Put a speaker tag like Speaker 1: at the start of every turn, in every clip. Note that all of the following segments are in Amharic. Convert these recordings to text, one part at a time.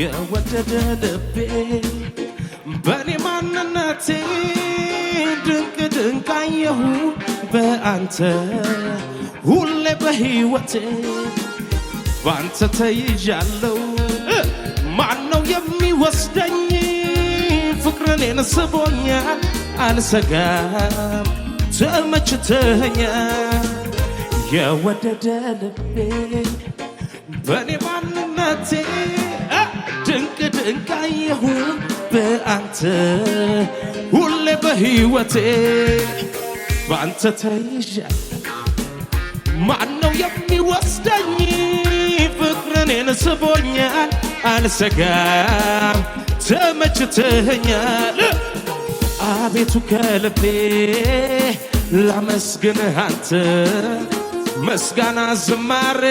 Speaker 1: የወደደ ልቤ በኔ ማንነቴ ድንቅ ድንቅ አየሁ በአንተ ሁሌ በሕይወቴ በአንተ ተይዣለው ማነው የሚወስደኝ ፍቅርኔን ስቦኛል አልሰጋም ተመችተኛል የወደደ ልቤ በኔ ማንነቴ ስቃይ ይሁን በአንተ ሁሌ በሕይወቴ በአንተ ተይዣል ማነው የሚወስደኝ ፍቅርኔን ስቦኛል አልሰጋም ተመችተኸኛል አቤቱ ከልቤ ላመስግንህ አንተ ምስጋና ዝማሬ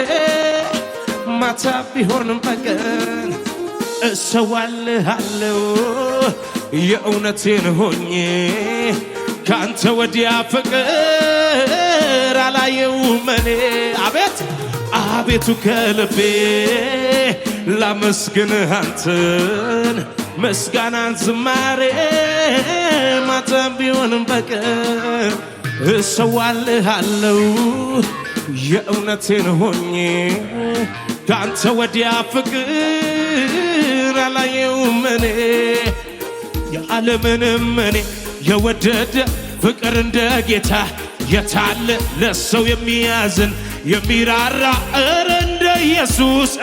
Speaker 1: ማታ ቢሆንም በቀን እሰዋልሃለው የእውነቴን ሆኜ ካንተ ወዲያ ፍቅር አላየውም እኔ አቤት አቤቱ ከልቤ ላመስግንህ አንተን ምስጋናን ዝማሬ ማተም ቢሆንም በቀር እሰዋልሃለው የእውነቴን ሆኜ ከአንተ ወዲያ ፍቅር ክብር አላየውም እኔ የዓለምንም እኔ የወደደ ፍቅር እንደ ጌታ የታለ ለሰው የሚያዝን የሚራራ እረ እንደ ኢየሱስ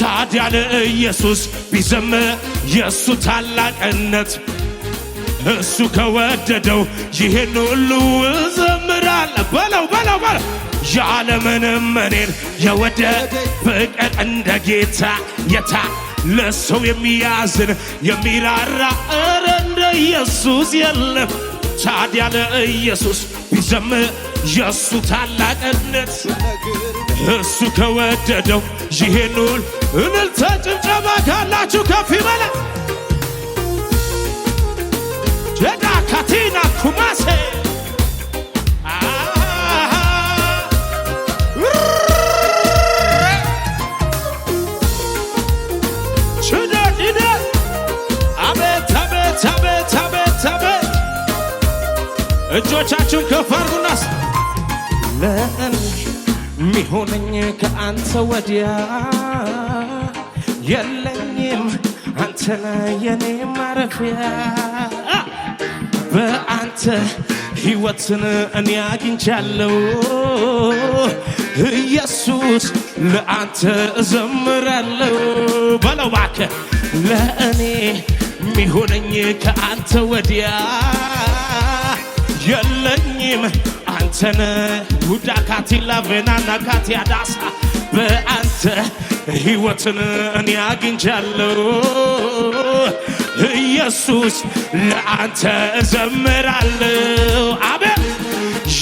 Speaker 1: ታዲያ ለኢየሱስ ቢዘመ የእሱ ታላቅነት እሱ ከወደደው ይህን ሁሉ ዘምራለ በለው በለው በለው የዓለምንም እኔን የወደ ፍቅር እንደ ጌታ የታ ለሰው የሚያዝን የሚራራ እረ እንደ ኢየሱስ የለም። ታዲያ ለኢየሱስ ቢዘም የእሱ ታላቅነት እሱ ከወደደው ይሄኑን እልልተ ጭብጨባ ካላችሁ ከፍ ይበለ ጀዳ ካቲና ኩማሴ እጆቻችሁን ከፍ አድርጉናስ ለእኔ ሚሆነኝ ከአንተ ወዲያ የለኝም አንተ ላይ የኔ ማረፊያ በአንተ ሕይወትን እኔ አግኝቻለሁ ኢየሱስ ለአንተ እዘምራለሁ በለው ባከ ለእኔ ሚሆነኝ ከአንተ ወዲያ የለኝም አንተነ ጉዳ ካቲላ ላቬናና ካቲ አዳሳ በአንተ ሕይወትን እኔ አግኝቻለሁ። ኢየሱስ ለአንተ እዘምራለሁ። አቤት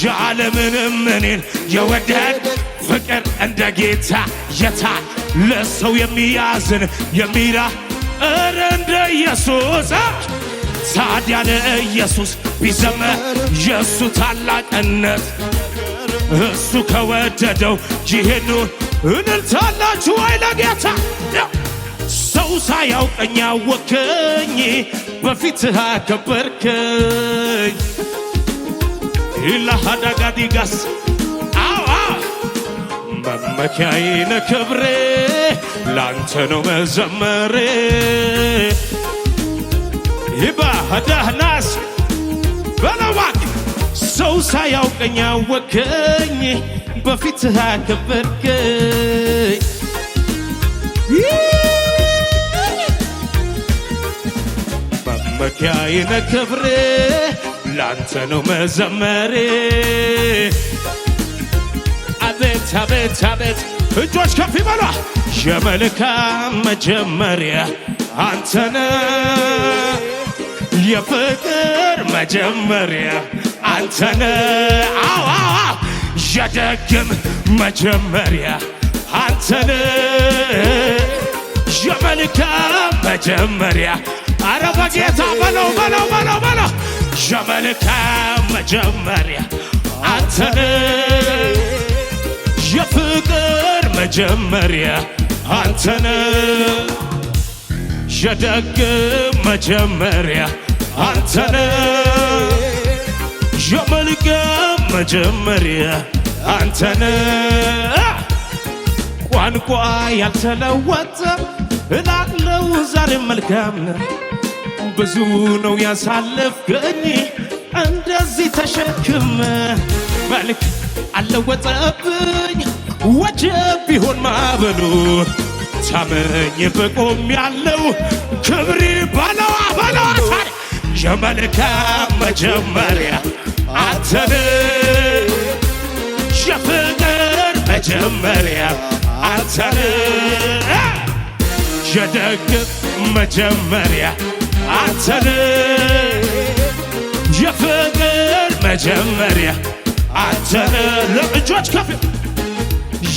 Speaker 1: ያለምንም እኔን የወደድ ፍቅር እንደ ጌታ የታ ለሰው የሚያዝን የሚራ እረ እንደ ኢየሱስ ታዲያነ ኢየሱስ ቢዘመር የእሱ ታላቅነት እሱ ከወደደው ጂሄኑ እንልታላችሁ አይለ ጌታ ሰው ሳያውቀኝ አወከኝ፣ በፊትህ አከበርከኝ። ኢላሃዳጋዲጋስ አዋ መመኪያዬ ነህ ክብሬ፣ ላንተ ነው መዘመሬ ይባ በለዋቅ ሰው ሳያውቀኝ አወከኝ በፊትህ አከበርከኝ መመኪያዬ ክብሬ ላንተ ነው መዘመሬ አቤት አቤት አቤት እጆች ከፍ ይበሏ የመልካም መጀመሪያ አንተነ የፍቅር መጀመሪያ አንተነ አዋ የደግም መጀመሪያ አንተነ የመልካም መጀመሪያ አረ በጌታ በለው በለው በለው በለው የመልካም መጀመሪያ አንተነ የፍቅር መጀመሪያ አንተነ የደግም መጀመሪያ አንተነ የመልቀም መጀመሪያ አንተነ ቋንቋ ያልተለወጠ እላለው ዛሬ መልካም ነው። ብዙ ነው ያሳለፍከኝ እንደዚህ ተሸክመ መልክ አለወጠብኝ ወጀብ ቢሆን ማበሉ ታመኝ በቆም ያለው ክብሪ በለዋ በለዋ የመልካም መጀመሪያ አንተን የፍቅር መጀመሪያ አንተን የደግ መጀመሪያ አንተን የፍቅር መጀመሪያ አንተን ለእጆች ከፍ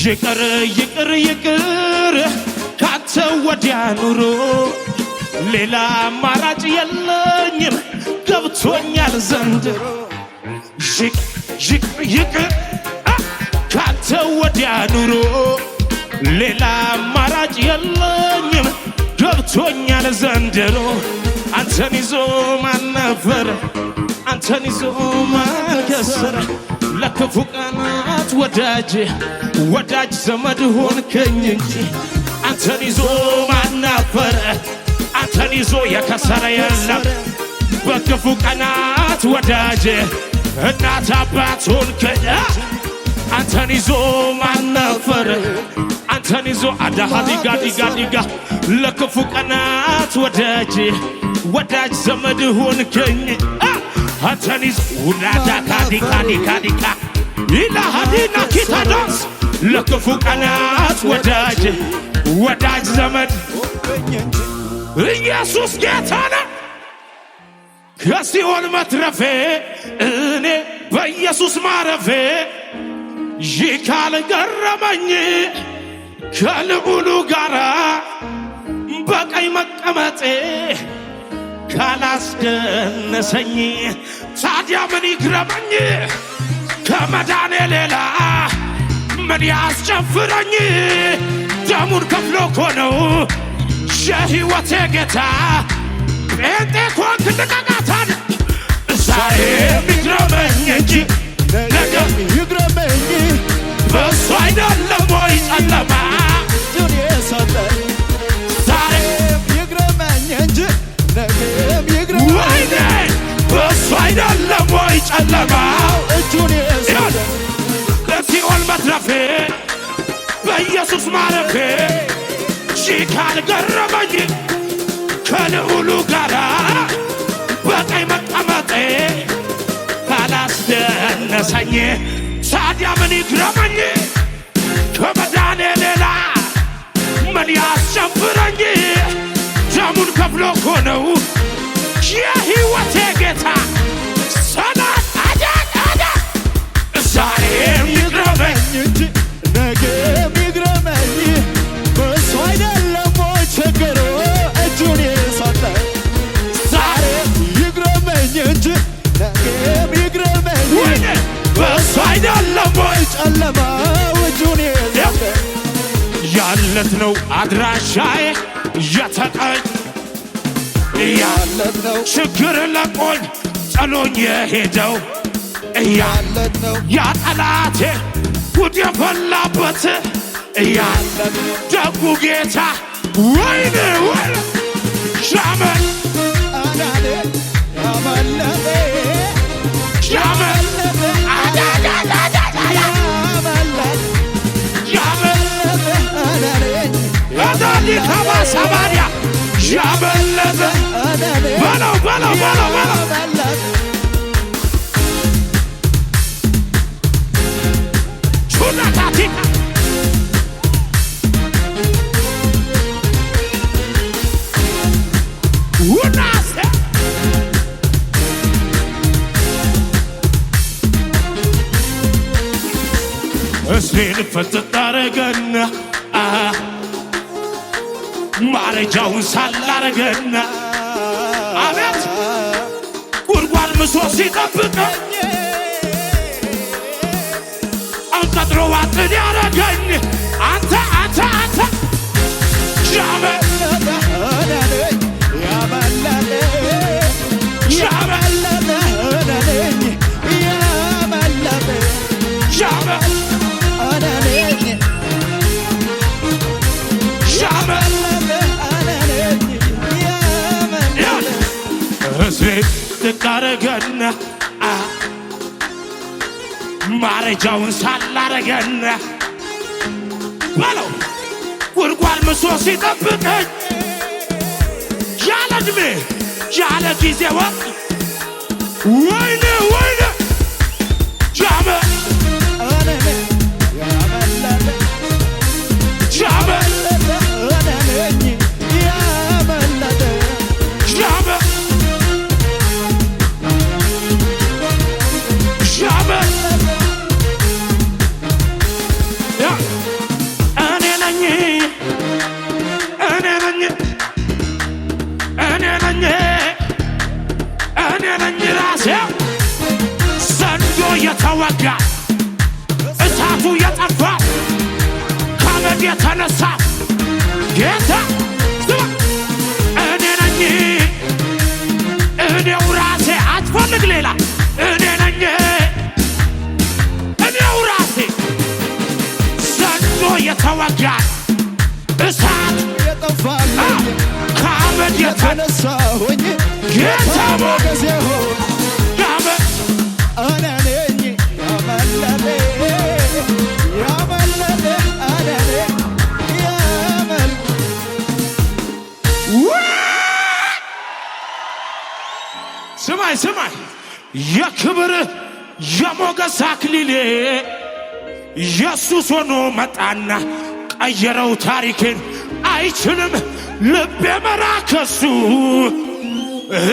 Speaker 1: ይቅር ይቅር ይቅር ካንተ ወዲያ ኑሮ ሌላ አማራጭ የለኝም ገብቶኛል ዘንድሮ ይቅ ይቅ ይቅር ካንተ ወዲያ ኑሮ ሌላ አማራጭ የለኝም ገብቶኛል ዘንድሮ አንተን ይዞ ማን ነበረ አንተን ይዞ ማን ከሰረ ለክፉ ቀናት ወዳጅ ወዳጅ ዘመድ ሆንከኝ እንጂ አንተን ይዞ ማን ነበረ አንተን ይዞ የከሰረ የለም። በክፉ ቀናት ወዳጅ እናት አባቱን ክዳ አንተን ይዞ ማነፈር አንተን ይዞ አዳሃ ዲጋ ዲጋ ዲጋ ለክፉ ቀናት ወዳጅ ወዳጅ ዘመድ ሁን ከኝ አንተን ይዞ ውላዳ ካዲካ ዲካ ዲካ ይላሃዲና ኪታ ዳንስ ለክፉ ቀናት ወዳጅ ወዳጅ ዘመድ ኢየሱስ ጌታ ነ ከሲኦል መትረፌ እኔ በኢየሱስ ማረፌ ይህ ካልገረመኝ ከልዑሉ ጋራ በቀኝ መቀመጤ ካላስደነሰኝ ታዲያ ምን ይግረመኝ? ከመዳኔ ሌላ ምን ያስጨፍረኝ? ደሙን ከፍሎ እኮ ነው የህይወቴ ጌታ ጴንጤ ኮንክ ልቀቃታል ዛሬ ይግረመኝ እንጂ
Speaker 2: ነገ ይግረመኝ
Speaker 1: በእሱ አይደለም ወይ ጨለማ አይደለም ወይ ጨለማ
Speaker 2: እጁን የሰጠ
Speaker 1: ከሲኦል መትረፌ በኢየሱስ ማረፌ ካልገረመኝ ከልዑሉ ጋራ በቀኝ መቀመጤ ካላስደነሰኝ ታዲያ ምን ይግረመኝ? ከመዳኔ ሌላ ምን ያስጨምረኝ ደሙን ከፍሎ እኮ ነው የሕይወቴ ጌታ ሰላት አዳዳ ዛሬም ይግረመኝ ማለት ነው አድራሻዬ እየተቀኝ እያለነው ችግር ለቆኝ ጸሎኝ የሄደው እያለነው ያ ጉድ የፈላበት እያለ ደጉ ጌታ ወይኔ ወ ሰማንያ ያበለጠ በለው በለው በለው በለው ሹናታቲ ውናሴ እስሬን ፈጥጥ አረገና ደረጃውን ሳላረገና አቤት ጉድጓድ ምሶ ሲጠብቀኝ አንቀጥሮ ዋጥን ያረገኝ አንተ አንተ አንተ ሻመ ዝቅ ማረጃውን ሳላረገን በለው ጉድጓድ ምሶ ሲጠብቀኝ ያለ ዕድሜ ያለ ጊዜ ወቅ ወይኔ ወይኔ የተወጋን እሳት
Speaker 2: የጠፋል
Speaker 1: ከአመድ የተነሳ ሆኜ ጌታ
Speaker 2: ሞገሴ ሆነ
Speaker 1: ስማይ ስማይ የክብር የሞገስ አክሊሌ ኢየሱስ ሆኖ መጣና ቀየረው ታሪኬን። አይችልም ልቤ መራከሱ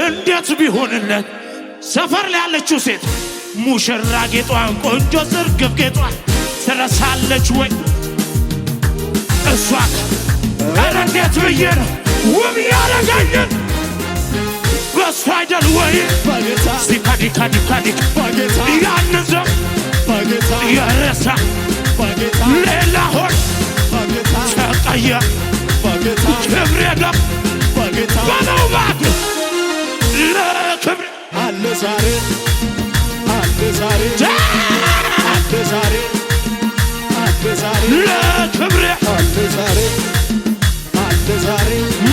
Speaker 1: እንዴት ቢሆንለት ሰፈር ላይ ያለችው ሴት ሙሽራ ጌጧን ቆንጆ ዝርግብ ጌጧን ትረሳለች ወይ እሷን? ኧረ እንዴት ብዬ ውብ ያረጋኝን በእሱ አይደል ወይ ሲካዲካዲካዲክ ያንን ዘም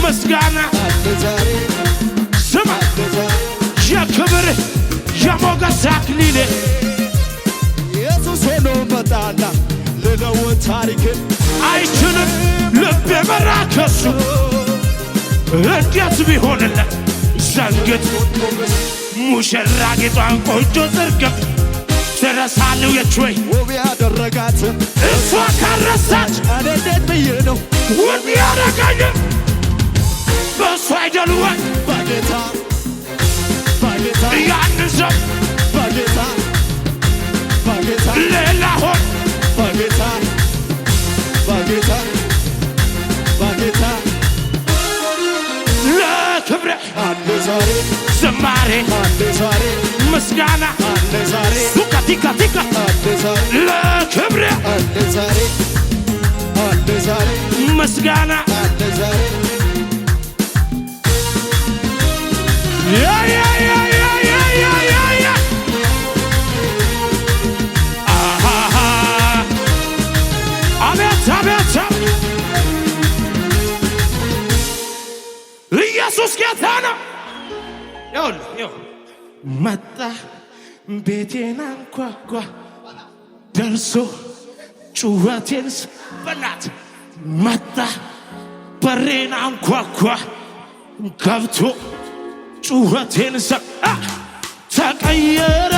Speaker 1: ምስጋና ስማ የክብር የሞገስ አክሊል
Speaker 2: ኢየሱስ ሆኖ መጣና ልለውጥ ታሪክ
Speaker 1: አይችልም ልብ የመራ ከሱ እንዴት ቢሆንለት ዘንግት ሙሽራ ጌጧን ቆንጆ ዝርግፍ ትረሳለው የችወይ
Speaker 2: ውብ ያደረጋት
Speaker 1: እሷ ካረሳች
Speaker 2: እኔ እንዴት ብዬ ነው
Speaker 1: ውብ ያደረጋኝ? በእሷ አይደል ወይ
Speaker 2: በጌታ በጌታ
Speaker 1: ያን ሰው
Speaker 2: በጌታ በጌታ
Speaker 1: ሌላ ሆን
Speaker 2: በጌታ በጌታ በጌታ
Speaker 1: ለክብረ
Speaker 2: አንድ ዛሬ ዝማሬ አንድ ዛሬ ምስጋና አንድ ዛሬ
Speaker 1: ቲካ ቲካ ለክብሬ ምስጋና አቤት ኢየሱስ ጌታ ነው። መጣ ቤቴን አንኳኳ ደርሶ ጩኸቴን በናት መጣ በሬን አንኳኳ ገብቶ ጩኸቴን ተቀየረ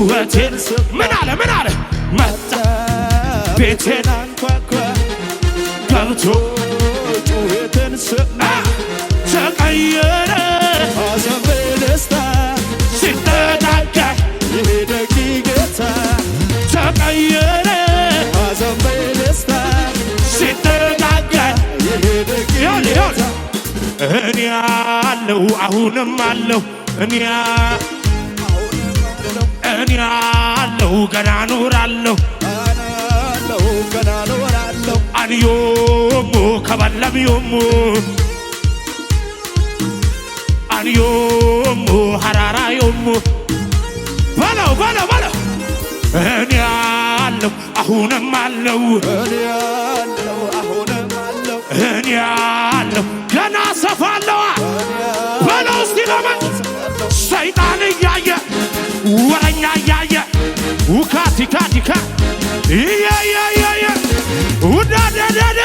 Speaker 1: ሕይወቴን ምን አለ ምን አለ መጣ ቤቴን አንኳኳ ገብቶ ጩኸቴን ሰማ ተቀየረ
Speaker 2: ሐዘን በደስታ
Speaker 1: ሲጠጋጋ
Speaker 2: የደግ ጌታ
Speaker 1: ተቀየረ
Speaker 2: ሐዘን በደስታ
Speaker 1: ሲጠጋጋ
Speaker 2: የደግ ጌታ
Speaker 1: እኔ አለሁ አሁንም አለሁ እኔ ገና አለው ገና ኖራለሁ
Speaker 2: ገና ኖራለሁ
Speaker 1: አንዮሞ ከባለም ዮሞ አንዮሞ ሀራራ ዮሞ በለው በለው በለው እኔ አለው አሁንም አለው እኔ አለው ገና ሰፋለሁ ካቲካቲካ ይያያያየ ውዳዳዳዳ